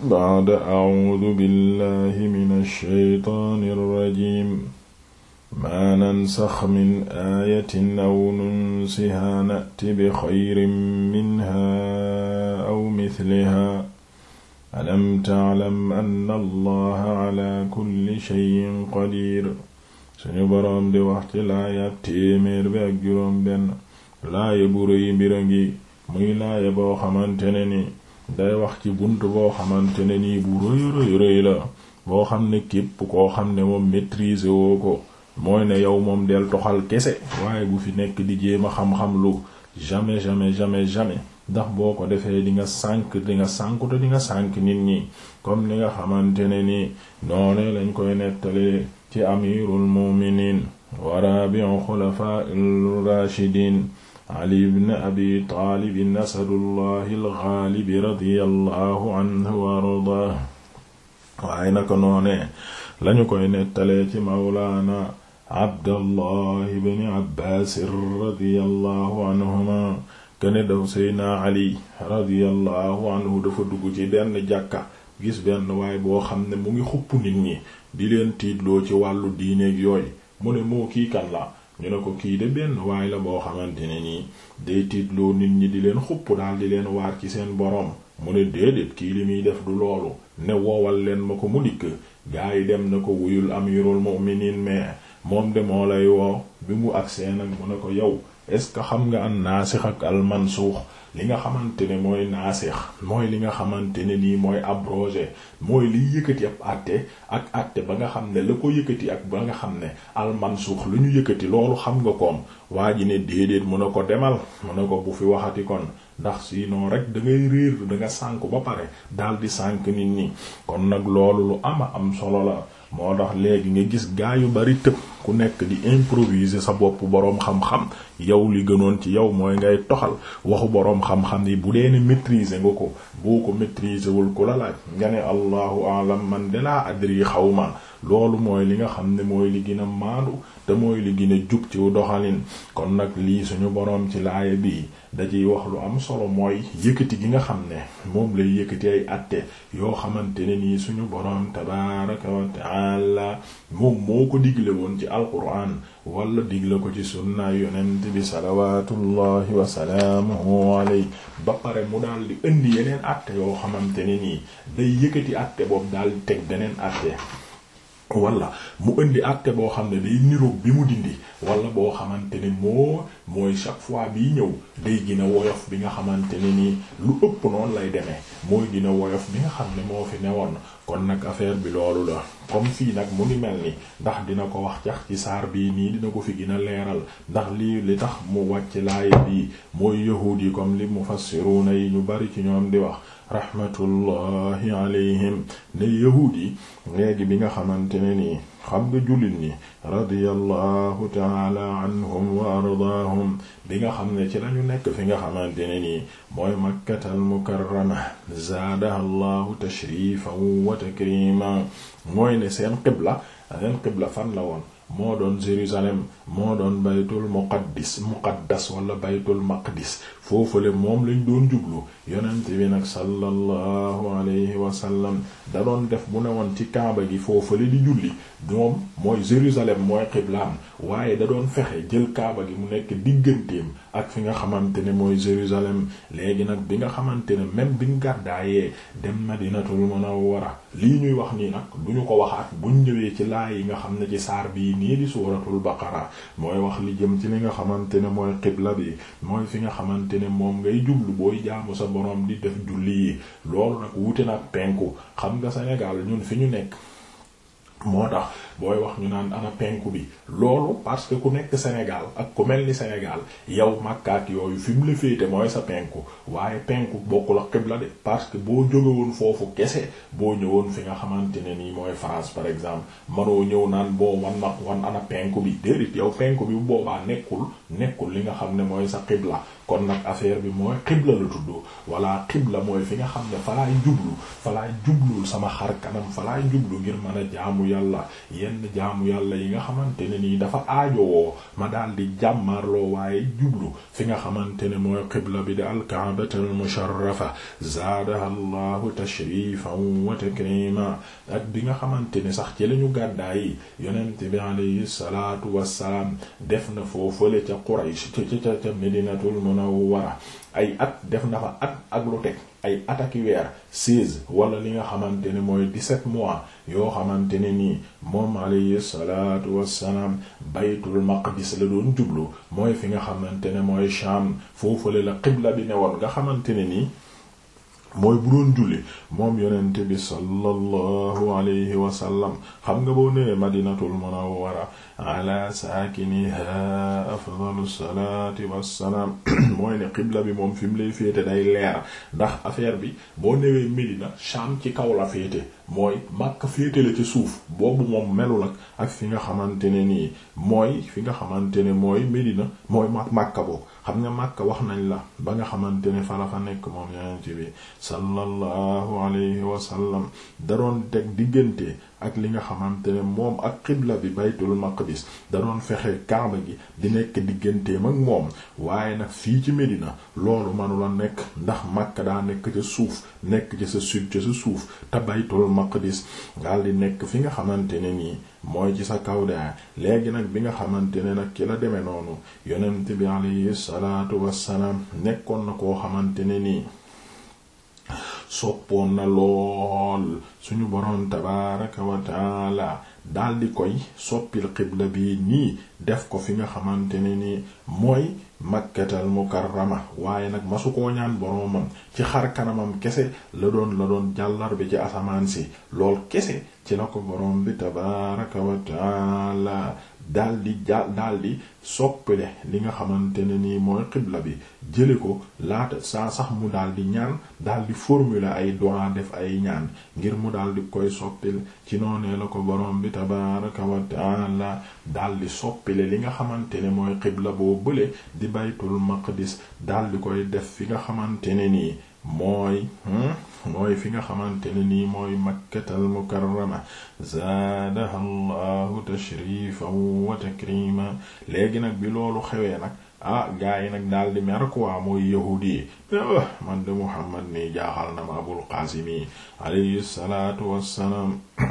baada acuudu billahi min alsheytaani alrajim maa nansax min aayatin aw nunsihaa na'ti bi xayrin minhaa aw mislihaa alam taclam anna allaha calaa kulli sheyin qadiir suñu boroom di wax ci laayab téeméer bi ak juróom benn laaya bu rëy mbir a ngi muy laaya boo xamante ne ni day wax ci bunt boo xamante ne nii bu rëy rëy rëy la boo xam ne képp koo xam ne moom maîtriser woo ko mooy ne yow moom del toxal kese waaye bu fi nekk di jéem a xam-xam lu jamais jamais jamais jamais ndax boo ko defee di nga sànk di nga sànku nga sànk nit ñi comme ni nga xamante ne nii noonu lañ koy nettali ci amirul mu'minin wa rabi'u xulafa'ir rashidin ali ibn abi taalib asadullahi alxaalibi radiyallahu anhu wa ardaah waaye naka noone lañu koy nettalee ci mawlaana abdallahi ibn abbaas radiyallahu anhuma kene daw seyna ali radiyallahu anhu dafa dugg ci benn jàkka gis benn waay boo xam ne mu ngi xupp nit ñi di leen tiitloo ci wàllu diineeg yooyu mu ne moo kii kan ñu ne ko kii de benn waay la boo xamante ne nii day tiitloo nit ñi di leen xupp daal di leen waar ci seen boroom mu ne déedéet kii li muy def du loolu ne woowal leen ma ko mu dikk gaa yi dem na ko wuyul amirul mu'minin mais moom de moo lay woo bi mu agsee nag mu ne ko yow est-ce que xam nga an naasix ak al mansuux li nga xamante ne mooy naasix mooy li nga xamante ne nii mooy abrogé mooy liy yëkkati ab àtte ak àtte ba nga xam ne la ko yëkkati ak ba nga xam ne al mansuux lu ñu yëkkati loolu xam nga koom waa ji ne déedéet mu ne ko demal mu ne ko bu fi waxati kon ndax sinon rek da ngay réer da danga sànk ba pare daal di sànk nit ñi kon nag loolu lu ama am solo la moo tax léegi nga gis gaa yu bari tëb ku nekk di improviser sa bopp boroom xam-xam yow li gënoon ci yow mooy ngay toxal waxu boroom xam-xam yi bu dee ne maîtriser nga ko boo ko maîtriser wul ku la laaj nga ne allahu alam man de laa adri xaw ma loolu mooy li nga xam ne mooy li gën a maandu te mooy li gën a jub ci doxalin kon nag lii suñu boroom ci laaya bi dajiy wax lu am solo mooy yëkkati gi nga xam ne moom lay yëkkati ay atte yoo xamante ne nii suñu boroom tabaaraka wa moom moo ko digle woon alquran wala digla ko ci sunna yonent bi salawatullahi wasalaamuhu alayhi ba pare mu daal di indi yeneen atte yoo xamante ne nii day yëkkati atte boobu daal di teg beneen atte wala mu indi atte boo xam ne day niroog bi mu dindi wala boo xamante ne moo mooy chaque fois bii ñëw day gën woyof bi nga xamante ne nii lu ëpp noonu lay demee mooy gën woyof bi nga xam ne moo fi newoon kon nag affaire bi loolu la comme fii nag mu ngi mel ni ndax dina ko wax cax ci saar bii nii dina ko fi gën a leeral ndax lii li tax mu wàcc laay bii mooy yahuud yi comme li mu mufassiruna yi ñu bari ci ñoom di wax rahmatullahi alayhim ne yahuud yi bi nga xamante ne ni xam nga julit ñi radiyallahu taala anhum wa ardaahum bi nga xam ne ci lañu nekk fi nga xamante ne nii mooy makkatal mukarrama zaadaha allahu tashrifan wa takriman mooy ne seen qibla seen qibla fan la woon moo doon Jérusalem moo doon baytul muqaddis muqaddas wala baytul maqdis foofale moom lañ doon jublu yonent bi nag sallallahu alayhi wa sallam da doon def mu ne woon ci kaaba gi foofale di julli moom mooy Jérusalem mooy xiblaam waaye da doon fexe jël kaaba gi mu nekk digganteem ak fi nga xamante ne mooy Jérusalem léegi nag bi nga xamante ne même bi nga gàddaayee dem Madinatul Munawwara lii ñuy wax nii nag duñu ko wax ak buñ ñëwee ci laa yi nga xam ne nii di suuratul baqara mooy wax li jëm ci li nga xamante ne mooy xibla bi mooy fi nga xamante ne moom ngay jublu booy jaamu sa borom di def julli yi loolu nag wuute penku xam nga Sénégal ñun fi ñu nekk moo tax booy wax ñu naan ana penku bi loolu parce que ku nekk Sénégal ak ku mel ni Sénégal yow màkkaat yooyu fi mu la féete mooy sa penku waaye penku bokkul ak xibla de parce que boo jóge foofu kese boo ñëwoon fi nga xamante ne nii mooy France par exemple manoo ñëw naan boo wan nag wan ana penku bi déedéet yow penku bi bu boobaa nekkul nekkul li nga xam ne mooy sa xibla kon nag affaire bi mooy xibla la tudd walla xibla mooy fi nga xam ne falaay jublu falaay jublul sama xar kanam falaay jublu ngir mën a jaamu yàlla yenn jaamu yàlla yi nga xamante ne nii dafa aajowoo ma daal di jàmmarloo waaye jublu fi nga xamante ne mooy xibla bi di alkaabatul musharrafa zaadaha allahu tashrifan wa takrima ak bi nga xamante ne sax ci lañu gàddaay yonent bi alayhi salaatu wassalaam def na foofale ca Quraysh ca ca ca Medinatul munawwara ay at def na fa at ak lu teg ay ataki weer 16 wala li nga xamante ne mooy 17 mois yoo xamante ne nii moom alayhi salaatu wassalaam baytul maqdis la doon jublu mooy fi nga xamante ne mooy Sham foofule la qibla bi ne woon nga xamante ne nii mooy bu doon julli moom yonent bi sallallahu alayhi wasallam xam nga boo newee madinatul munawwara ala saakiniha afdalu salaati wassalaam mooy ne xibla bi moom fi mu lay féete day leer ndax affaire bi boo newee Medina Sham ci kaw la féete mooy Makka féete la ci suuf boobu moom melul ak ak fi nga xamante ne nii mooy fi nga xamante ne mooy Medina mooy Makka boobu xam nga Makka wax nañ la ba nga xamante ne fa la nekk moom yonent bi sallallahu alayhi wa sallam da doon teg diggante ak li nga xamante ne moom ak xibla bi baytul maqdis da doon fexe kaaba gi di nekk digganteem ak moom waaye nag fii ci Medina loolu manula nekk ndax Makka daa nekk ca suuf nekk ca sa sud ca suuf te baytul maqdis daal di nekk fi nga xamante ne nii mooy ci sa kaw léegi nag bi nga xamante ne nag ki la demee noonu yonent bi alayhi salaatu wassalaam nekkoon na koo xamante ne nii soppoon na lool suñu boroom tabaaraka wa taala daldi koy soppil xibla bi nii def ko fi nga xamante ne nii mooy makkatal mukarrama waaye nag masu koo ñaan boroomam ci xar kanamam kese la doon la doon jàllar bi ci asamaan si lool kese ci la ko boroom bi tabaaraka wa daldi di ja soppile li nga xamante ne nii mooy xibla bi jële ko laata saa sax mu daal di ñaan daal di formuler ay doa def ay ñaan ngir mu daal di koy soppil ci noonee la ko borom bi tabaraka wa taala daal di soppile li nga xamante ne mooy xibla boo bële di baytul maqdis daal di koy def fi nga xamante ne nii mooy hmm, mooy fi nga xamante ne nii mooy makkatal mukarrama zaadaha allahu tashrifan wa takrima léegi nag bi loolu xewee nag ah gaa yi nag daal di mer quoi mooy yahudi yi eh, man de muhammad nii jaaxal na ma abul qaasim yi alayhi wassalaam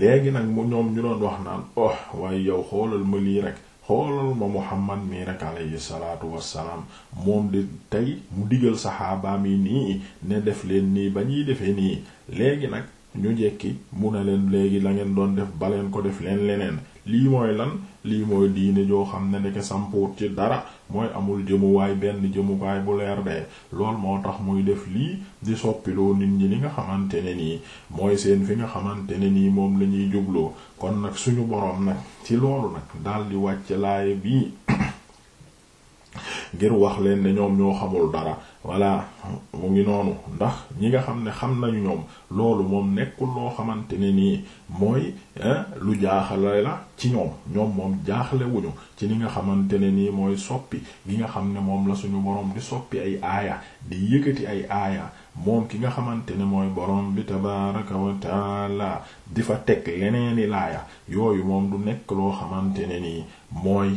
léegi nag mu ñoom ñu doon wax naan oh waaye yow xoolal ma lii rek xoolal ma Muhammad mii rek alayhi salaatu salaam moom di tey mu digal saxaabaam yi nii ne def leen nii ba ñuy defee nii léegi nag ñu jekki mu ne leen léegi la ngeen doon def baleen ko def leen leneen lii mooy lan lii mooy diine joo xam ne ndeke sampoot ci dara mooy amul jëmuwaay benn jëmuwaay bu leer de lool moo tax muy def lii di soppiloo nit ñi li nga xamante ne nii mooy seen fi nga xamante ne nii moom la ñuy jubloo kon nag suñu boroom nag ci loolu nag daldi wàcce laaya bii ngir wax leen ne ñoom ñoo xamul dara voilà mu ngi noonu ndax ñi nga xam ne xam nañu ñoom loolu moom nekkul loo xamante ne nii mooy lu jaaxale la ci ñoom ñoom moom jaaxle ci li nga xamante ne nii mooy soppi gi nga xam ne moom la suñu boroom di soppi ay aaya di yëkkati ay aaya moom ki nga xamante ne mooy borom bi tabaraka wa taala di fa teg leneen i laaya yooyu moom du nekk loo xamante ne nii mooy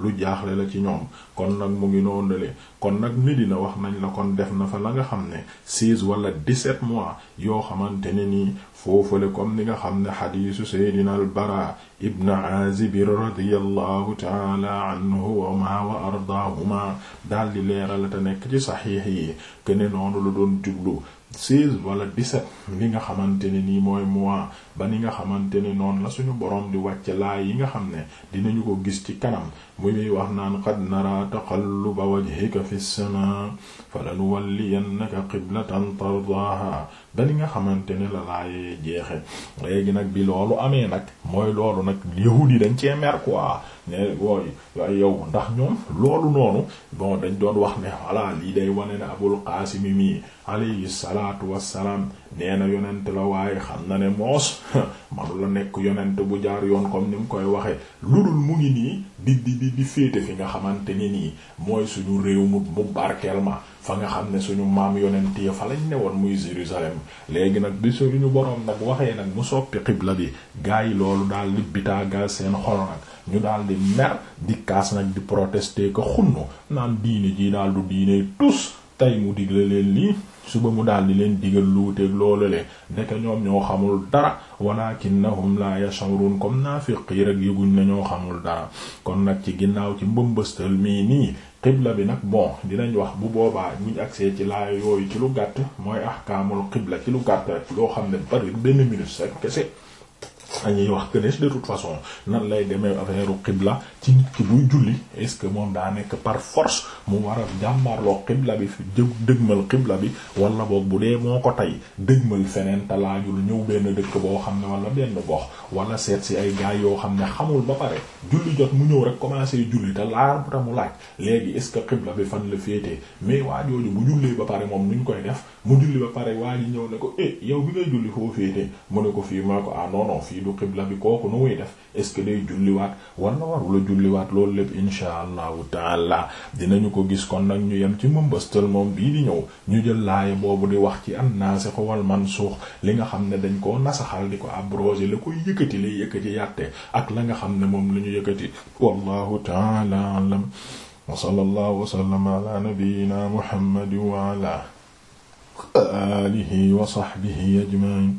lu jaaxle la ci ñoom kon nag mu ngi noonale kon nag dina wax nañ la kon def na fa la nga xam ne 16 wala 17 mois yoo xamante ne nii foofale comme ni nga xam ne xadiisu seydina al bara ibn aazib radiyallahu taala anhumaa wa ardaahuma daldi leerala te nekk ci saxiix yi kene noonu lu doon jublu seize wala dix-sept li nga xamante ne nii mooy moi ba ni nga xamante ne noonu la suñu boroom di wàcce laa yi nga xam ne dinañu ko gis ci kanam muy muy wax naan qad nara taqalluba wajhika fi sama falanuwalliyannaka qiblatan tardaha ba ni nga xamante ne la laayee jeexe léegi nag bi loolu amee nag mooy loolu nag yahuud yi dañ cee mer ne wooy yow ndax ñoom loolu noonu bon dañ doon wax ne voilà lii day wane ne abul qaasimi mi alayhi salaatu wassalaam nee na yonent la waaye xam na ne moos manu la nekk yonent bu jaar yoon comme ni mu koy waxe lu dul mu ngi nii di di di féete fi nga xamante ni nii mooy suñu réew mu barkeel ma fa nga xam ne suñu maam yonent ya fa lañ ne woon muy Jérusalem léegi nag bi suñu boroom nag waxee nag mu soppi xibla bi gaa yi loolu daal li bitaa gaa seen xol ñu daal di mer di kaas nag di protesté ko xunnu naan diine ji daal du diine tus mu mu digle leen lii suba mu daal di leen digal luuteeg loolu le ndeke ñoom ñoo xamul dara walakinnahum la yash'urun comme naafiq yi rek yëguñ na ñoo xamul dara kon nag ci ginnaaw ci mbëmbëstal mii nii xibla bi nag bon dinañ wax bu boobaa ñu agsee ci laa yooyu ci lu gàtt mooy ahkaamul xibla ci lu gàtt rek loo xam ne bari benn minute rek kese dañuy wax que ne de toute façon nan lay demee affaire xibla ci nit ki buy julli est-ce que moom daa nekk par force mu war a jàmmarloo xibla bi fi jë dëgmal xibla bi wala boog bu dee moo ko tey dëgmal feneen te laajul ñëw benn dëkk boo xam ne wala benn gox wala seet si ay gaay yoo xam ne xamul ba pare julli jot mu ñëw rek commencé julli te laar te mu laaj léegi est-ce que xibla bi fan la féetee mais waa jooju bu jullee ba pare moom nuñ koy def mu julli ba pare waa ji ñëw ne ko eh yow bi ngay julli foo féetee mu ne ko fii mu ne ko ah non fii du xibla bi kooku nu muy def est ce que day julliwaat war na warula julliwaat loolu lépp insha allahu dina ñu ko gis kon nag ñu yem ci mëmbastal moom bii di ñëw ñu jël laaya boobu di wax ci an nasikh wal mansukh li nga xam ne dañ koo nasaxal di ko abrogé la koy yëkkati lay yëkkati yàtte ak la nga xam ne moom la ñu yëkkati wallahu taala alam wa sallallahu wa sallama ala nabiyyina muhammad wa alihi wa sahbihi ajma'in